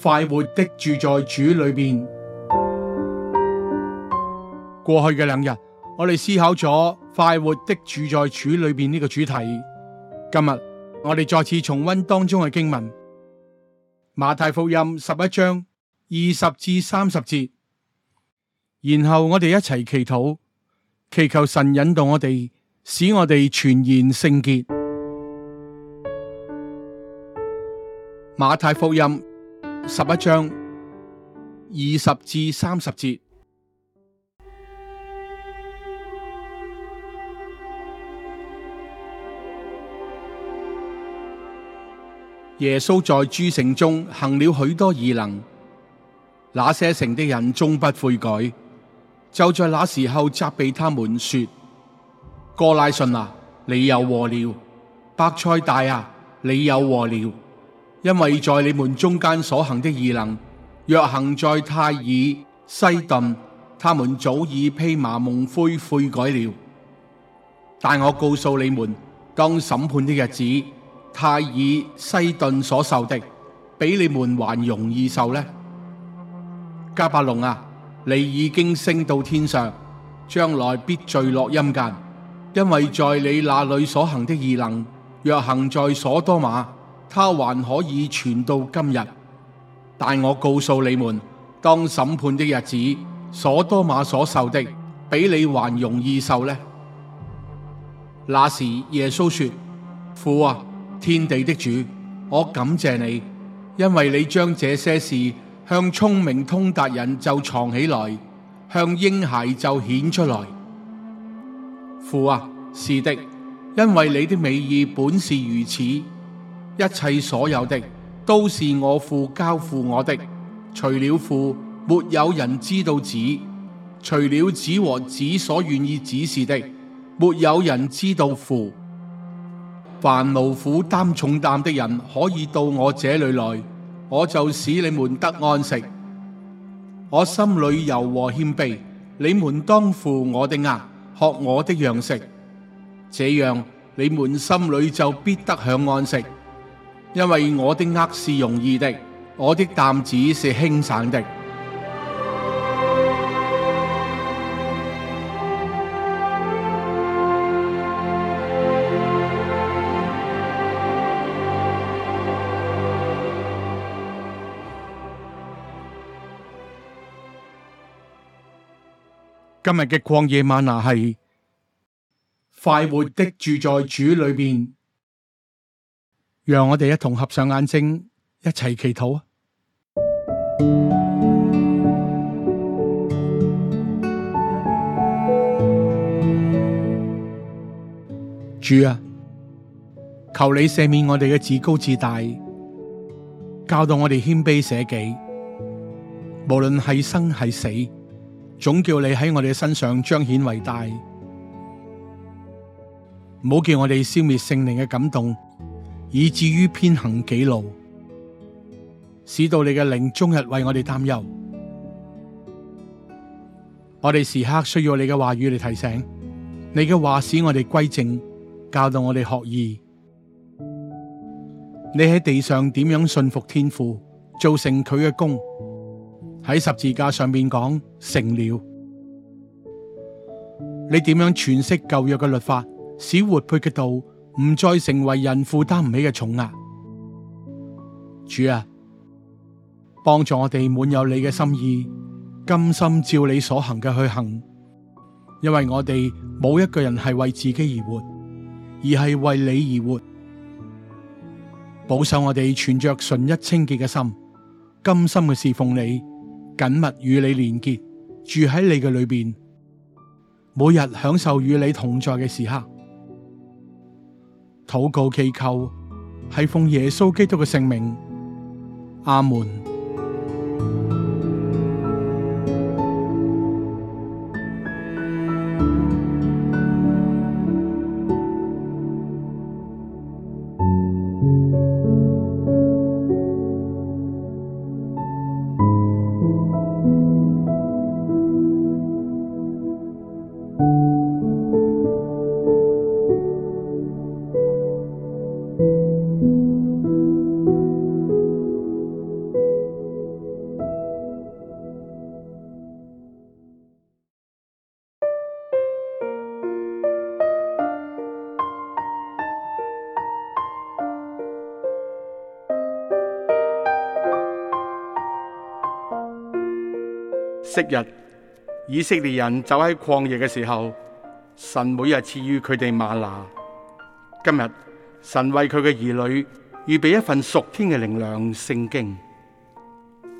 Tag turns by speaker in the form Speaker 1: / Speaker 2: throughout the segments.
Speaker 1: 快活的住在主裏面。過去嘅兩日，我哋思考咗快活的住在主裏面呢個主題。今日我哋再次重溫當中嘅經文，馬太福音十一章二十至三十節。然後我哋一齊祈禱，祈求神引導我哋，使我哋全然聖潔。馬太福音。十一章二十至三十節，耶穌在諸城中行了許多異能，那些城的人終不悔改。就在那時候，責備他們說：哥拉汛啊，你有禍了；伯賽大啊，你有禍了。因為在你們中間所行的異能，若行在太爾西頓，他們早已披麻蒙灰悔改了。但我告訴你們，當審判的日子，太爾西頓所受的，比你們還容易受呢。迦百農啊，你已經升到天上，將來必墜落陰間，因為在你那裏所行的異能，若行在所多瑪，他還可以存到今日，但我告訴你們，當審判的日子，所多瑪所受的比你還容易受呢。那時耶穌說：父啊，天地的主，我感謝你，因為你將這些事向聰明通達人就藏起來，向嬰孩就顯出來。父啊，是的，因為你的美意本是如此。一切所有的都是我父交付我的，除了父，沒有人知道子；除了子和子所願意指示的，沒有人知道父。凡勞苦擔重擔的人，可以到我這裏來，我就使你們得安息。我心裏柔和謙卑，你們當負我的軛，學我的樣式，這樣，你們心裏就必得享安息。因為我的軛是容易的，我的擔子是輕省的。今日嘅曠野嗎哪係快活的住在主裡面。讓我哋一同合上眼睛，一齊祈禱啊！主啊，求你赦免我哋嘅自高自大，教導我哋謙卑捨己。無論係生係死，總叫你喺我哋嘅身上彰顯偉大。唔好叫我哋消滅聖靈嘅感動。以至於偏行己路，使到你嘅靈終日為我哋擔憂。我哋時刻需要你嘅話語嚟提醒，你嘅話使我哋歸正，教導我哋學義。你喺地上點樣順服天父，做成佢嘅功？喺十字架上面講成了。你點樣詮釋舊約嘅律法，使活潑嘅道？唔再成為人負擔唔起嘅重壓，主啊，幫助我哋滿有你嘅心意，甘心照你所行嘅去行，因為我哋冇一個人係為自己而活，而係為你而活。保守我哋存着純一清潔嘅心，甘心去侍奉你，緊密與你連結，住喺你嘅裏邊，每日享受與你同在嘅時刻。禱告祈求，係奉耶穌基督嘅聖名，阿門。昔日以色列人走喺曠野嘅時候，神每日賜予佢哋嗎哪。今日神為佢嘅兒女預備一份屬天嘅靈糧——聖經。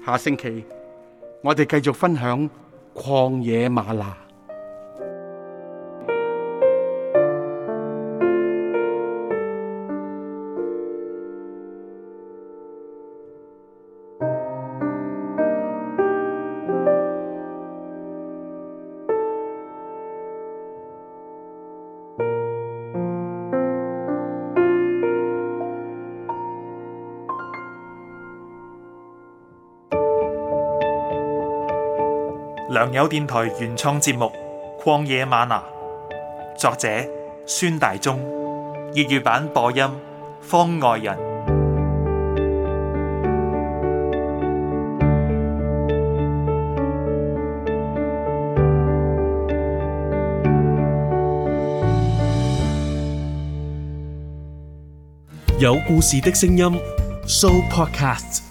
Speaker 1: 下星期我哋繼續分享曠野嗎哪。良友電台原創節目《曠野嗎哪》，作者孫大中，粵語版播音方外人，有故事的聲音，Show Podcast。